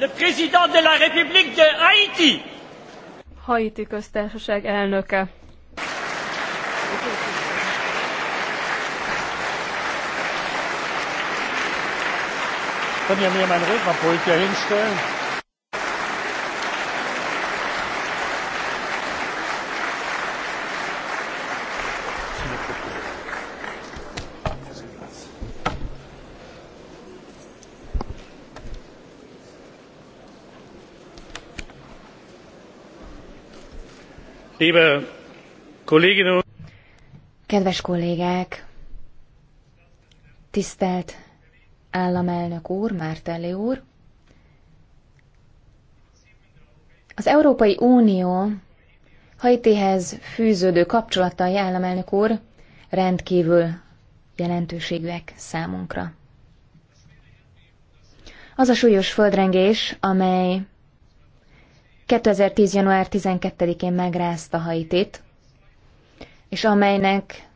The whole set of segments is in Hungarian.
Le président de la République de Haïti. Haiti köztársaság elnöke. Können wir mir meinen Rednerpult hier hinstellen? Liebe Kolleginnen Kedves kollégák! Tisztelt államelnök úr, Mártelli úr! Az Európai Unió Haitihez fűződő kapcsolatai, államelnök úr, rendkívül jelentőségűek számunkra. Az a súlyos földrengés, amely 2010. január 12-én megrázta Haitit, és amelynek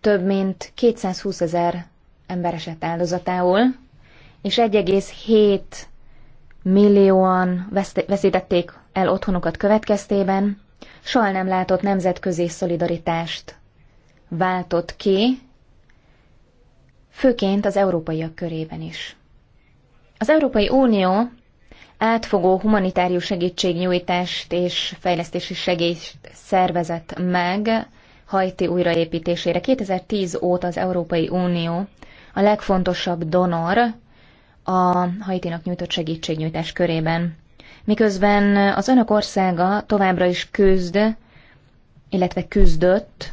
több mint 220 ezer ember esett áldozatául, és 1,7 millióan veszítették el otthonukat következtében, soha nem látott nemzetközi szolidaritást váltott ki, főként az európaiak körében is. Az Európai Unió átfogó humanitárius segítségnyújtást és fejlesztési segélyt szervezett meg Haiti újraépítésére. 2010 óta az Európai Unió a legfontosabb donor a Haitinak nyújtott segítségnyújtás körében. Miközben az önök országa továbbra is küzd, illetve küzdött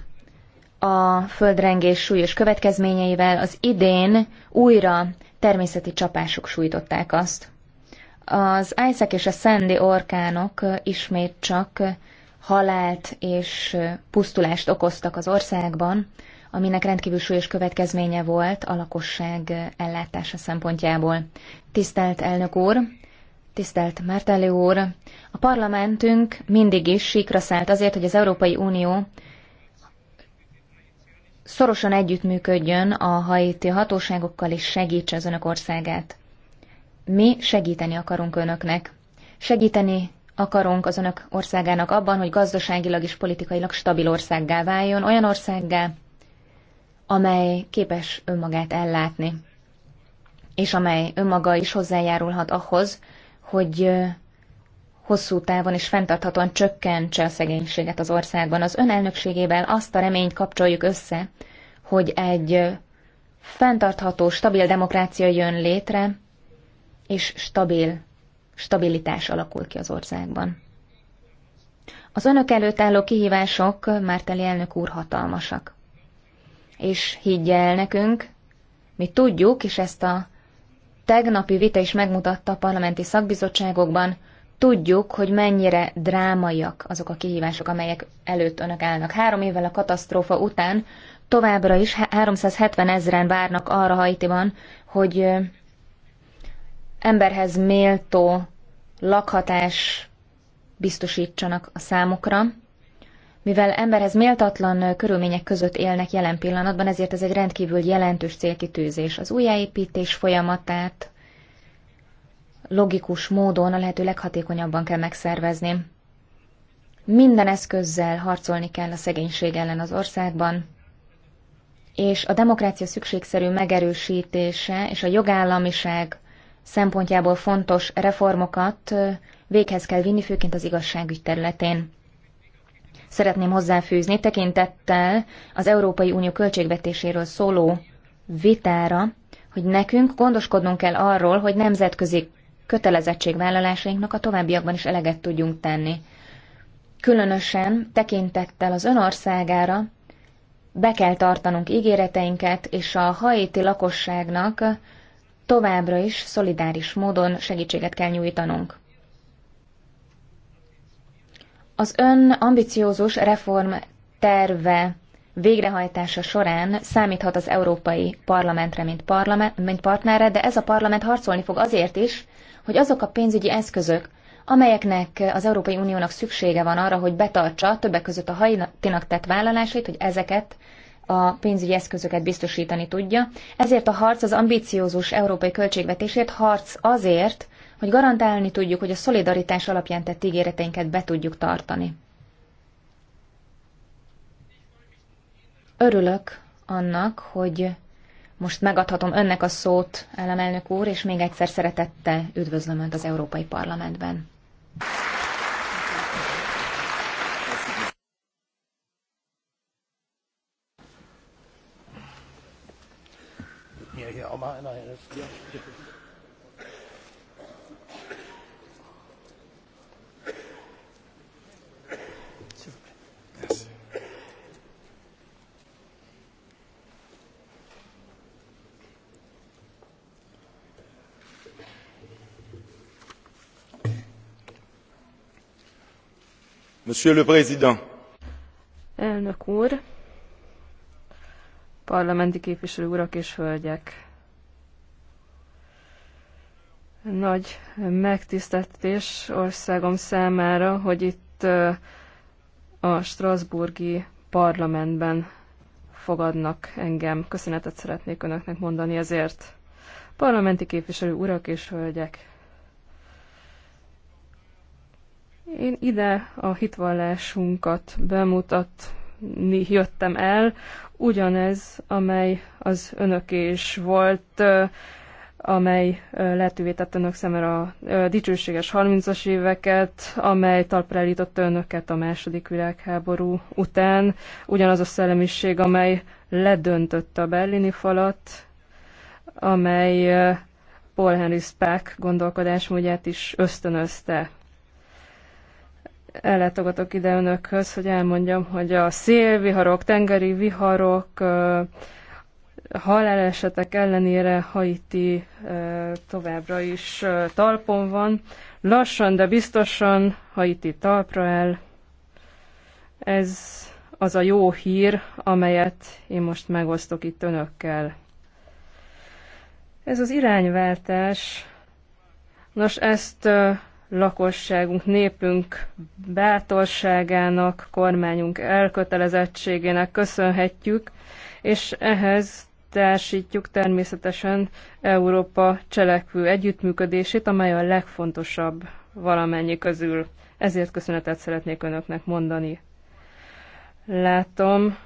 a földrengés súlyos következményeivel, az idén újra természeti csapások sújtották azt. Az Isaac és a Sandy orkánok ismét csak halált és pusztulást okoztak az országban, aminek rendkívül súlyos következménye volt a lakosság ellátása szempontjából. Tisztelt elnök úr, tisztelt Mártelő úr, a parlamentünk mindig is síkra szállt azért, hogy az Európai Unió szorosan együttműködjön a haiti hatóságokkal és segítse az önök országát. Mi segíteni akarunk önöknek. Segíteni akarunk az önök országának abban, hogy gazdaságilag és politikailag stabil országgá váljon, olyan országgá, amely képes önmagát ellátni, és amely önmaga is hozzájárulhat ahhoz, hogy hosszú távon és fenntarthatóan csökkentse a szegénységet az országban. Az ön elnökségével azt a reményt kapcsoljuk össze, hogy egy fenntartható, stabil demokrácia jön létre, és stabil, stabilitás alakul ki az országban. Az önök előtt álló kihívások, Márteli elnök úr, hatalmasak. És higgye el nekünk, mi tudjuk, és ezt a tegnapi vita is megmutatta a parlamenti szakbizottságokban, tudjuk, hogy mennyire drámaiak azok a kihívások, amelyek előtt önök állnak. Három évvel a katasztrófa után továbbra is 370 ezeren várnak arra Haitiban, hogy emberhez méltó lakhatás biztosítsanak a számukra. Mivel emberhez méltatlan körülmények között élnek jelen pillanatban, ezért ez egy rendkívül jelentős célkitűzés. Az újjáépítés folyamatát logikus módon a lehető leghatékonyabban kell megszervezni. Minden eszközzel harcolni kell a szegénység ellen az országban, és a demokrácia szükségszerű megerősítése és a jogállamiság szempontjából fontos reformokat véghez kell vinni, főként az igazságügy területén. Szeretném hozzáfűzni tekintettel az Európai Unió költségvetéséről szóló vitára, hogy nekünk gondoskodnunk kell arról, hogy nemzetközi kötelezettségvállalásainknak a továbbiakban is eleget tudjunk tenni. Különösen tekintettel az önországára be kell tartanunk ígéreteinket, és a haiti lakosságnak továbbra is szolidáris módon segítséget kell nyújtanunk. Az ön ambiciózus reform terve végrehajtása során számíthat az Európai Parlamentre, mint, parlament, mint partnerre, de ez a parlament harcolni fog azért is, hogy azok a pénzügyi eszközök, amelyeknek az Európai Uniónak szüksége van arra, hogy betartsa többek között a hajtinak tett vállalásait, hogy ezeket a pénzügyi eszközöket biztosítani tudja. Ezért a harc az ambiciózus európai költségvetésért, harc azért, hogy garantálni tudjuk, hogy a szolidaritás alapján tett ígéreteinket be tudjuk tartani. Örülök annak, hogy most megadhatom önnek a szót, államelnök úr, és még egyszer szeretettel üdvözlöm Önt az Európai Parlamentben. hier auch mal einer yes. yeah. Monsieur le Président. Elnök úr, parlamenti képviselő urak és hölgyek! Nagy megtiszteltetés országom számára, hogy itt a Strasburgi parlamentben fogadnak engem. Köszönetet szeretnék önöknek mondani ezért. Parlamenti képviselő urak és hölgyek! Én ide a hitvallásunkat bemutatni jöttem el, ugyanez, amely az önöké is volt amely lehetővé tette önök szemre a dicsőséges 30-as éveket, amely talpra állította önöket a második világháború után. Ugyanaz a szellemiség, amely ledöntötte a berlini falat, amely Paul Henry Spack gondolkodásmódját is ösztönözte. Ellátogatok ide önökhöz, hogy elmondjam, hogy a szélviharok, tengeri viharok, halálesetek ellenére Haiti továbbra is talpon van. Lassan, de biztosan Haiti talpra el. Ez az a jó hír, amelyet én most megosztok itt önökkel. Ez az irányváltás, nos ezt lakosságunk, népünk bátorságának, kormányunk elkötelezettségének köszönhetjük, és ehhez társítjuk természetesen Európa cselekvő együttműködését, amely a legfontosabb valamennyi közül. Ezért köszönetet szeretnék önöknek mondani. Látom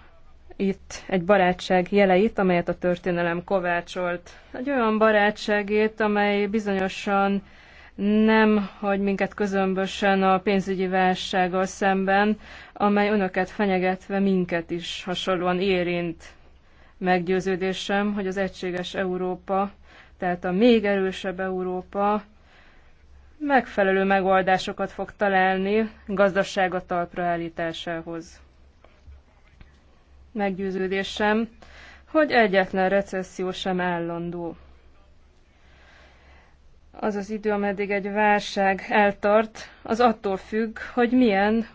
itt egy barátság jeleit, amelyet a történelem kovácsolt. Egy olyan barátságét, amely bizonyosan nem hagy minket közömbösen a pénzügyi válsággal szemben, amely önöket fenyegetve minket is hasonlóan érint. Meggyőződésem, hogy az egységes Európa, tehát a még erősebb Európa megfelelő megoldásokat fog találni gazdasága talpra állításához. Meggyőződésem, hogy egyetlen recesszió sem állandó. Az az idő, ameddig egy válság eltart, az attól függ, hogy milyen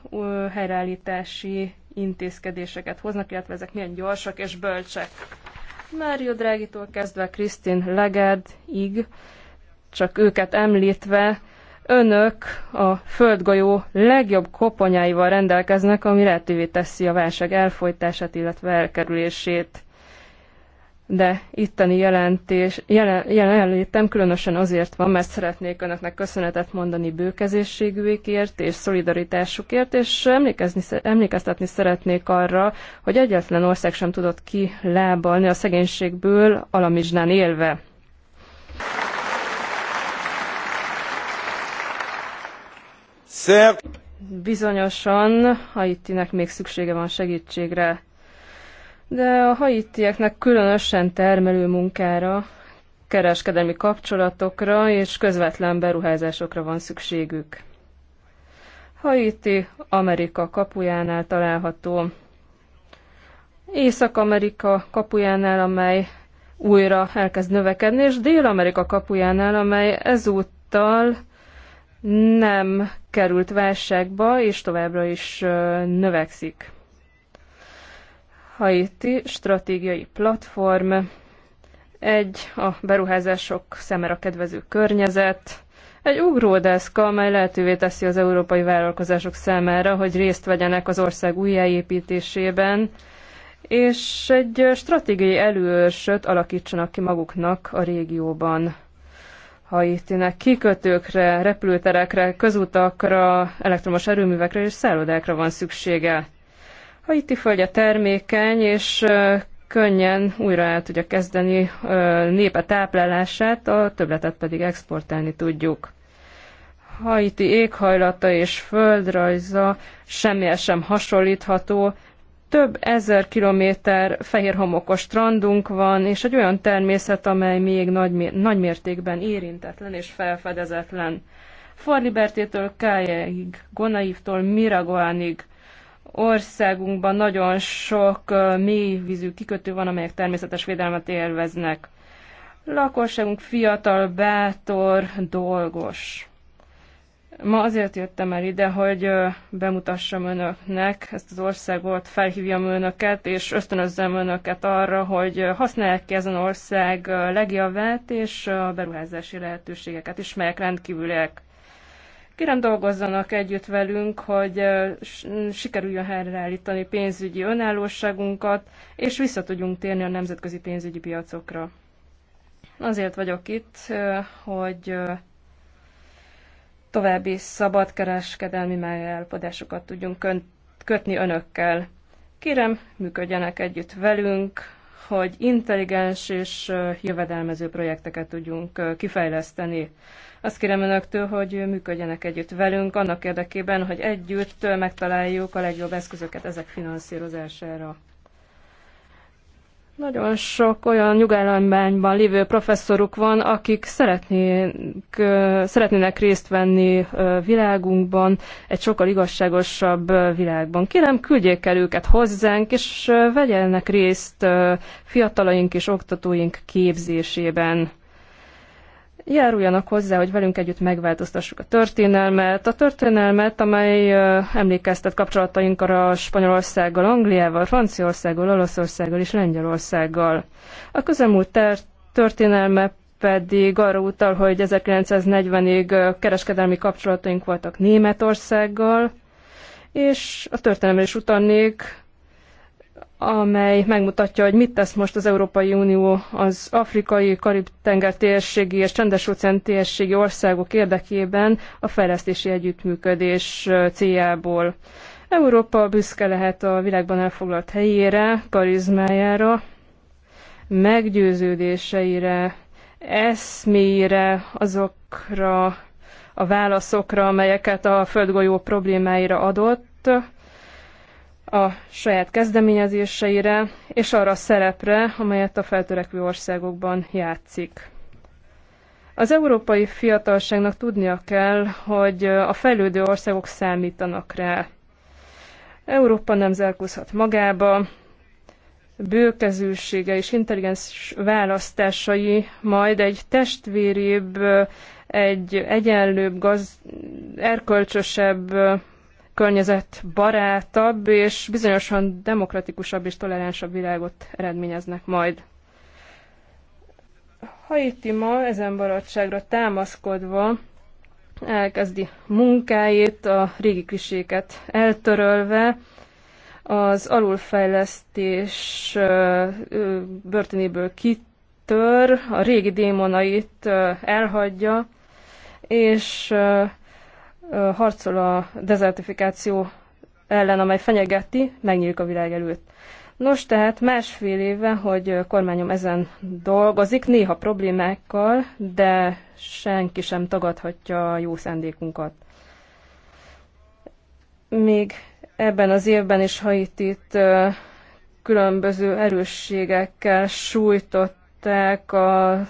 helyreállítási intézkedéseket hoznak, illetve ezek milyen gyorsak és bölcsek. Mário Drágitól kezdve Krisztin Legardig, csak őket említve, önök a földgolyó legjobb koponyáival rendelkeznek, ami lehetővé teszi a válság elfolytását, illetve elkerülését de itteni jelentés, jelen, jelenlétem különösen azért van, mert szeretnék önöknek köszönetet mondani bőkezésségükért és szolidaritásukért, és emlékezni, emlékeztetni szeretnék arra, hogy egyetlen ország sem tudott kilábalni a szegénységből alamizsnán élve. Bizonyosan Haitinek még szüksége van segítségre de a haitieknek különösen termelő munkára, kereskedelmi kapcsolatokra és közvetlen beruházásokra van szükségük. Haiti Amerika kapujánál található. Észak-Amerika kapujánál, amely újra elkezd növekedni, és Dél-Amerika kapujánál, amely ezúttal nem került válságba, és továbbra is növekszik. Haiti stratégiai platform, egy a beruházások szemére kedvező környezet, egy ugródeszka, amely lehetővé teszi az európai vállalkozások számára, hogy részt vegyenek az ország újjáépítésében, és egy stratégiai előörsöt alakítsanak ki maguknak a régióban. Haitinek kikötőkre, repülőterekre, közutakra, elektromos erőművekre és szállodákra van szüksége. Haiti földje termékeny, és könnyen újra el tudja kezdeni népe táplálását, a többletet pedig exportálni tudjuk. Haiti éghajlata és földrajza semmilyen sem hasonlítható, több ezer kilométer fehér homokos strandunk van, és egy olyan természet, amely még nagy, mértékben érintetlen és felfedezetlen. Forlibertétől Kájáig, Gonaivtól Miragoánig Országunkban nagyon sok mélyvízű kikötő van, amelyek természetes védelmet élveznek. Lakosságunk fiatal, bátor, dolgos. Ma azért jöttem el ide, hogy bemutassam önöknek ezt az országot, felhívjam önöket, és ösztönözzem önöket arra, hogy használják ki ezen ország legjavát és a beruházási lehetőségeket is, melyek rendkívüliek. Kérem dolgozzanak együtt velünk, hogy sikerüljön helyreállítani pénzügyi önállóságunkat, és vissza tudjunk térni a nemzetközi pénzügyi piacokra. Azért vagyok itt, hogy további szabadkereskedelmi megállapodásokat tudjunk kötni önökkel. Kérem, működjenek együtt velünk, hogy intelligens és jövedelmező projekteket tudjunk kifejleszteni. Azt kérem önöktől, hogy működjenek együtt velünk, annak érdekében, hogy együtt megtaláljuk a legjobb eszközöket ezek finanszírozására. Nagyon sok olyan nyugállományban lévő professzoruk van, akik szeretnék szeretnének részt venni világunkban, egy sokkal igazságosabb világban. Kérem, küldjék el őket hozzánk, és vegyenek részt fiatalaink és oktatóink képzésében járuljanak hozzá, hogy velünk együtt megváltoztassuk a történelmet, a történelmet, amely emlékeztet kapcsolatainkra a Spanyolországgal, Angliával, Franciaországgal, Olaszországgal és Lengyelországgal. A közelmúlt történelme pedig arra utal, hogy 1940-ig kereskedelmi kapcsolataink voltak Németországgal, és a történelemre is utalnék, amely megmutatja, hogy mit tesz most az Európai Unió az afrikai, karib-tenger térségi és csendes-óceán térségi országok érdekében a fejlesztési együttműködés céljából. Európa büszke lehet a világban elfoglalt helyére, karizmájára, meggyőződéseire, eszméire, azokra a válaszokra, amelyeket a földgolyó problémáira adott, a saját kezdeményezéseire és arra a szerepre, amelyet a feltörekvő országokban játszik. Az európai fiatalságnak tudnia kell, hogy a fejlődő országok számítanak rá. Európa nem zárkózhat magába, bőkezűsége és intelligens választásai majd egy testvérébb, egy egyenlőbb, gaz, erkölcsösebb környezetbarátabb és bizonyosan demokratikusabb és toleránsabb világot eredményeznek majd. Haiti ma ezen barátságra támaszkodva elkezdi munkáit, a régi kliséket eltörölve, az alulfejlesztés börtönéből kitör, a régi démonait elhagyja, és harcol a dezertifikáció ellen, amely fenyegeti, megnyílik a világ előtt. Nos, tehát másfél éve, hogy kormányom ezen dolgozik, néha problémákkal, de senki sem tagadhatja a jó szándékunkat. Még ebben az évben is itt különböző erősségekkel sújtott lettek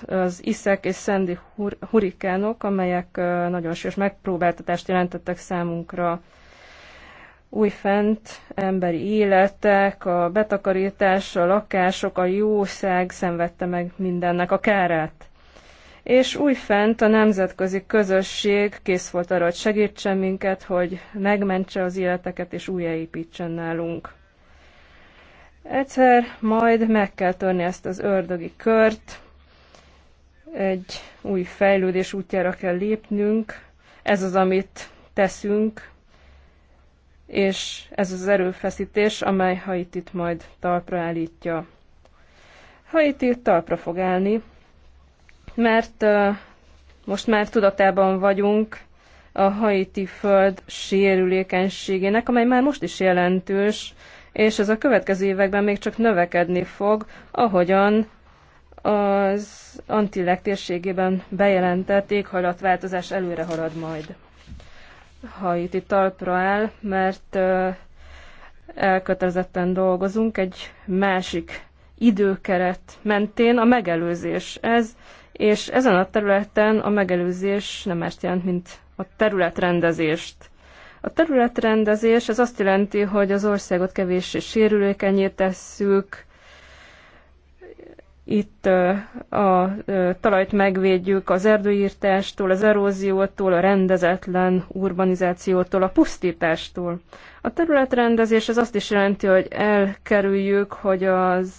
az iszek és szendi hurikánok, amelyek nagyon súlyos megpróbáltatást jelentettek számunkra újfent emberi életek, a betakarítás, a lakások, a jószág szenvedte meg mindennek a kárát. És újfent a nemzetközi közösség kész volt arra, hogy segítsen minket, hogy megmentse az életeket és újjáépítsen nálunk. Egyszer majd meg kell törni ezt az ördögi kört, egy új fejlődés útjára kell lépnünk, ez az, amit teszünk, és ez az erőfeszítés, amely Haitit majd talpra állítja. Haiti talpra fog állni, mert uh, most már tudatában vagyunk a haiti föld sérülékenységének, amely már most is jelentős, és ez a következő években még csak növekedni fog, ahogyan az Antilleg térségében bejelentett éghajlatváltozás előre halad majd. Ha itt talpra áll, mert elkötelezetten dolgozunk egy másik időkeret mentén a megelőzés ez, és ezen a területen a megelőzés nem más jelent, mint a területrendezést. A területrendezés az azt jelenti, hogy az országot kevéssé sérülékenyé tesszük, itt a talajt megvédjük az erdőírtástól, az eróziótól, a rendezetlen urbanizációtól, a pusztítástól. A területrendezés az azt is jelenti, hogy elkerüljük, hogy az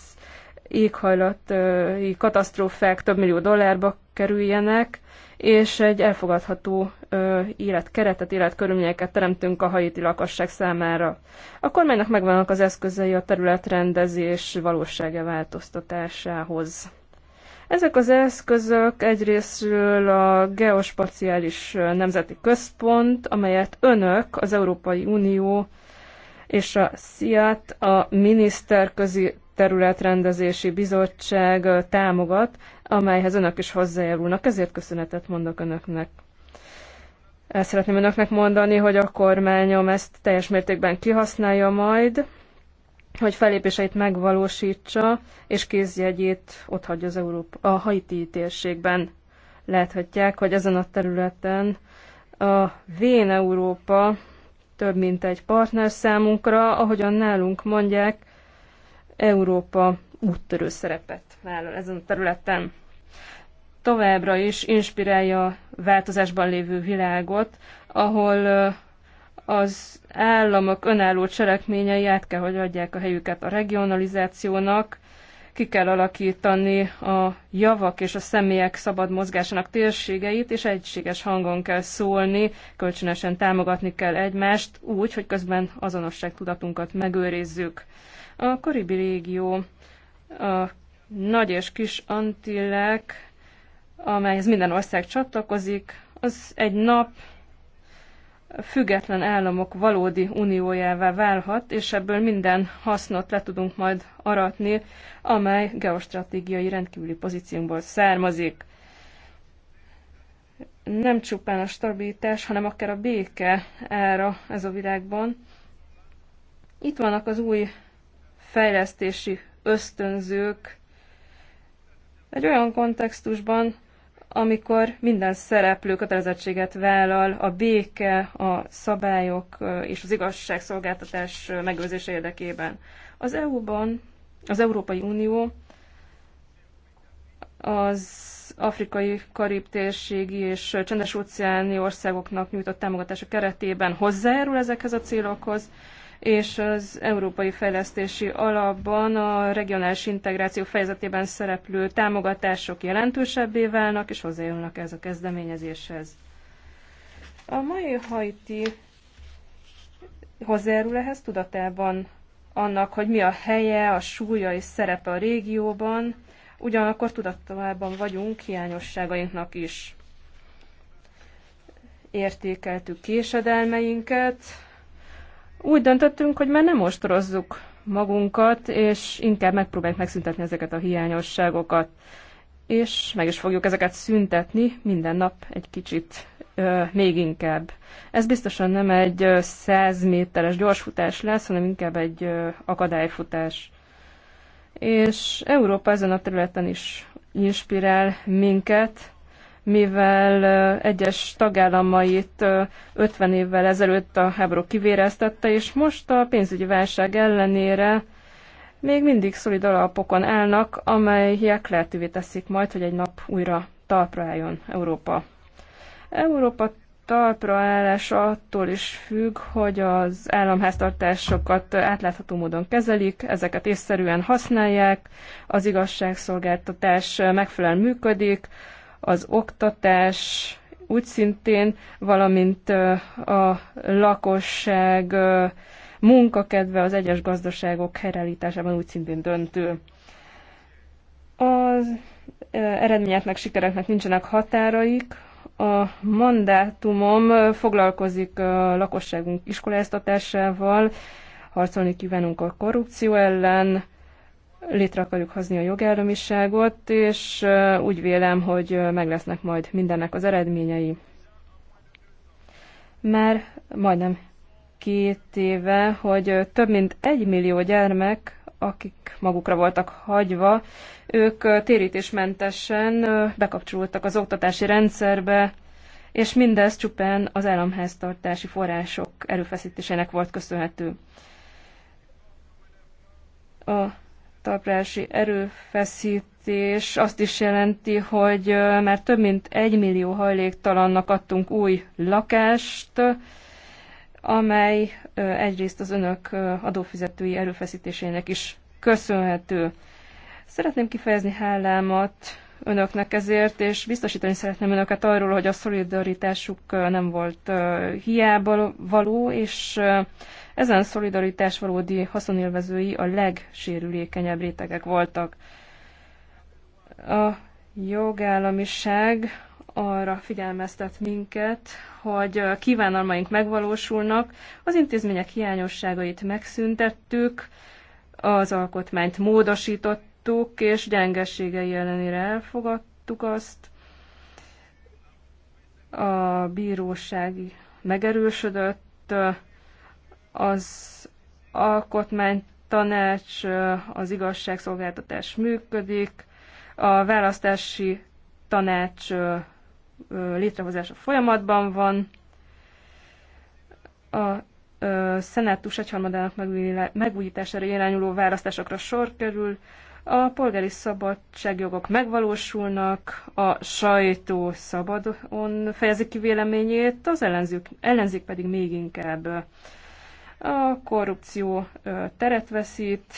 éghajlati katasztrófák több millió dollárba kerüljenek, és egy elfogadható ö, életkeretet, életkörülményeket teremtünk a haiti lakosság számára. A kormánynak megvannak az eszközei a területrendezés valósága változtatásához. Ezek az eszközök egyrésztről a Geospaciális Nemzeti Központ, amelyet önök, az Európai Unió és a SZIAT, a miniszterközi területrendezési bizottság támogat, amelyhez önök is hozzájárulnak, ezért köszönetet mondok önöknek. Ezt szeretném önöknek mondani, hogy a kormányom ezt teljes mértékben kihasználja majd, hogy felépéseit megvalósítsa, és kézjegyét ott hagyja az Európa, a haiti térségben. Láthatják, hogy ezen a területen a Vén Európa több mint egy partner számunkra, ahogyan nálunk mondják, Európa úttörő szerepet vállal ezen a területen. Továbbra is inspirálja a változásban lévő világot, ahol az államok önálló cselekményei át kell, hogy adják a helyüket a regionalizációnak, ki kell alakítani a javak és a személyek szabad mozgásának térségeit, és egységes hangon kell szólni, kölcsönösen támogatni kell egymást, úgy, hogy közben azonosságtudatunkat megőrizzük. A Karibi régió, a nagy és kis Antillák, amelyhez minden ország csatlakozik, az egy nap független államok valódi uniójává válhat, és ebből minden hasznot le tudunk majd aratni, amely geostratégiai rendkívüli pozíciónkból származik. Nem csupán a stabilitás, hanem akár a béke ára ez a világban. Itt vannak az új fejlesztési ösztönzők egy olyan kontextusban, amikor minden szereplő kötelezettséget vállal a béke, a szabályok és az igazságszolgáltatás megőrzése érdekében. Az EU-ban, az Európai Unió az afrikai, karib térségi és csendes óceáni országoknak nyújtott támogatása keretében hozzájárul ezekhez a célokhoz, és az Európai Fejlesztési Alapban a regionális integráció fejezetében szereplő támogatások jelentősebbé válnak, és hozzájönnek ez a kezdeményezéshez. A mai hajti hozzájárul ehhez tudatában annak, hogy mi a helye, a súlya és szerepe a régióban, ugyanakkor tudatában vagyunk hiányosságainknak is. Értékeltük késedelmeinket, úgy döntöttünk, hogy már nem ostorozzuk magunkat, és inkább megpróbáljuk megszüntetni ezeket a hiányosságokat. És meg is fogjuk ezeket szüntetni minden nap egy kicsit ö, még inkább. Ez biztosan nem egy 100 méteres gyorsfutás lesz, hanem inkább egy ö, akadályfutás. És Európa ezen a területen is inspirál minket, mivel egyes tagállamait 50 évvel ezelőtt a háború kivéreztette, és most a pénzügyi válság ellenére még mindig szolid alapokon állnak, amelyek lehetővé teszik majd, hogy egy nap újra talpra álljon Európa. Európa talpra állása attól is függ, hogy az államháztartásokat átlátható módon kezelik, ezeket észszerűen használják, az igazságszolgáltatás megfelelően működik, az oktatás, úgy szintén, valamint a lakosság munkakedve az egyes gazdaságok helyreállításában úgy szintén döntő. Az eredményeknek, sikereknek nincsenek határaik. A mandátumom foglalkozik a lakosságunk iskoláztatásával, harcolni kívánunk a korrupció ellen, létre akarjuk hozni a jogállamiságot, és úgy vélem, hogy meg lesznek majd mindennek az eredményei. Már majdnem két éve, hogy több mint egy millió gyermek, akik magukra voltak hagyva, ők térítésmentesen bekapcsolódtak az oktatási rendszerbe, és mindez csupán az államháztartási források erőfeszítésének volt köszönhető. A talprási erőfeszítés azt is jelenti, hogy már több mint egy millió hajléktalannak adtunk új lakást, amely egyrészt az önök adófizetői erőfeszítésének is köszönhető. Szeretném kifejezni hálámat önöknek ezért, és biztosítani szeretném önöket arról, hogy a szolidaritásuk nem volt hiába való, és ezen szolidaritás valódi haszonélvezői a legsérülékenyebb rétegek voltak. A jogállamiság arra figyelmeztet minket, hogy kívánalmaink megvalósulnak, az intézmények hiányosságait megszüntettük, az alkotmányt módosítottuk, elfogadtuk, és gyengeségei ellenére elfogadtuk azt. A bíróság megerősödött, az alkotmánytanács, az igazságszolgáltatás működik, a választási tanács létrehozása folyamatban van, a szenátus egyharmadának megújítására irányuló választásokra sor kerül, a polgári szabadságjogok megvalósulnak, a sajtó szabadon fejezi ki véleményét, az ellenzék, ellenzék pedig még inkább. A korrupció teret veszít,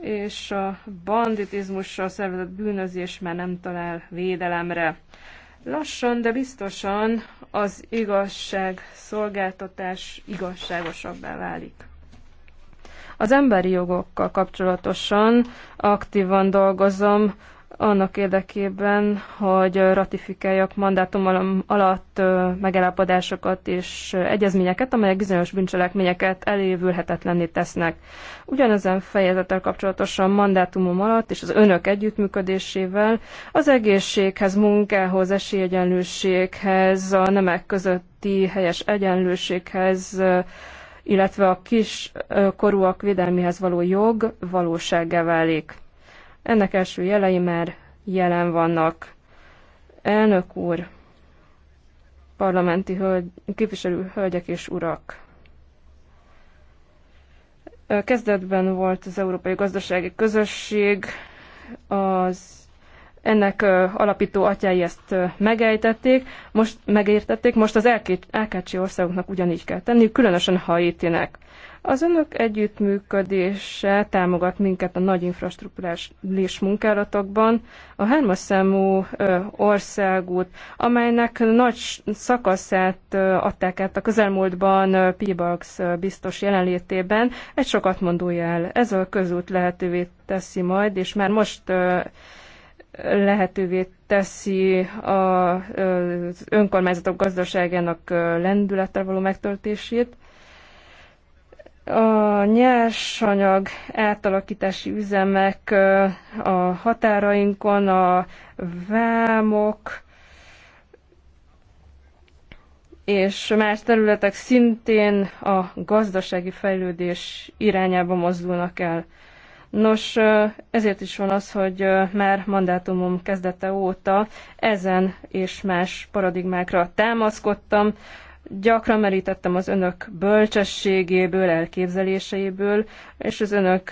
és a banditizmusra a szervezett bűnözés már nem talál védelemre. Lassan, de biztosan az igazság szolgáltatás igazságosabbá válik. Az emberi jogokkal kapcsolatosan aktívan dolgozom annak érdekében, hogy ratifikáljak mandátum alatt megállapodásokat és egyezményeket, amelyek bizonyos bűncselekményeket elévülhetetlenné tesznek. Ugyanezen fejezettel kapcsolatosan mandátumom alatt és az önök együttműködésével az egészséghez, munkához, esélyegyenlőséghez, a nemek közötti helyes egyenlőséghez, illetve a kiskorúak védelmihez való jog valósággá válik. Ennek első jelei már jelen vannak. Elnök úr, parlamenti hölgy, képviselő hölgyek és urak! Kezdetben volt az Európai Gazdasági Közösség, az ennek alapító atyái ezt megejtették, most megértették, most az LKC országoknak ugyanígy kell tenni, különösen Haitinek. Az önök együttműködése támogat minket a nagy infrastruktúrális munkálatokban. A hármas számú országút, amelynek nagy szakaszát adták át a közelmúltban Pibax biztos jelenlétében, egy sokat mondó jel. Ez a közút lehetővé teszi majd, és már most lehetővé teszi az önkormányzatok gazdaságának lendülettel való megtöltését. A nyersanyag átalakítási üzemek a határainkon, a vámok és más területek szintén a gazdasági fejlődés irányába mozdulnak el. Nos, ezért is van az, hogy már mandátumom kezdete óta ezen és más paradigmákra támaszkodtam, gyakran merítettem az önök bölcsességéből, elképzeléseiből és az önök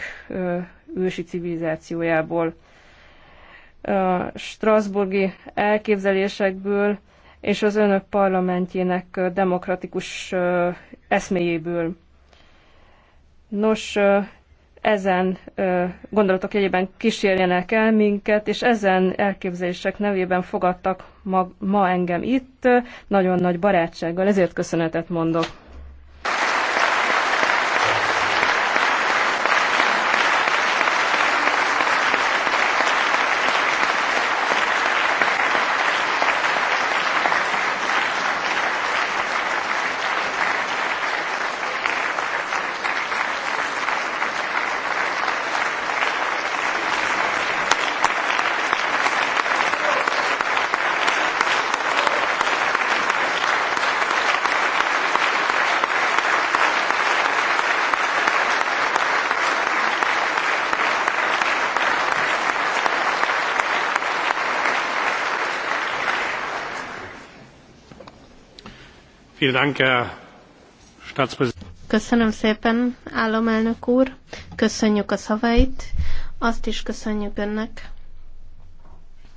ősi civilizációjából, strasburgi elképzelésekből és az önök parlamentjének demokratikus eszméjéből. Nos, ezen gondolatok jegyében kísérjenek el minket, és ezen elképzelések nevében fogadtak ma, ma engem itt, nagyon nagy barátsággal, ezért köszönetet mondok. Köszönöm szépen, államelnök úr. Köszönjük a szavait. Azt is köszönjük önnek,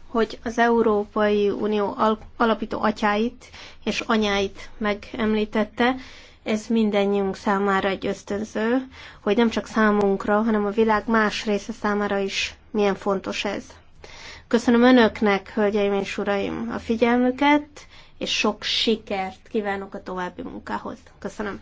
hogy az Európai Unió alapító atyáit és anyáit megemlítette. Ez mindannyiunk számára egy ösztönző, hogy nem csak számunkra, hanem a világ más része számára is milyen fontos ez. Köszönöm önöknek, hölgyeim és uraim, a figyelmüket és sok sikert kívánok a további munkához. Köszönöm.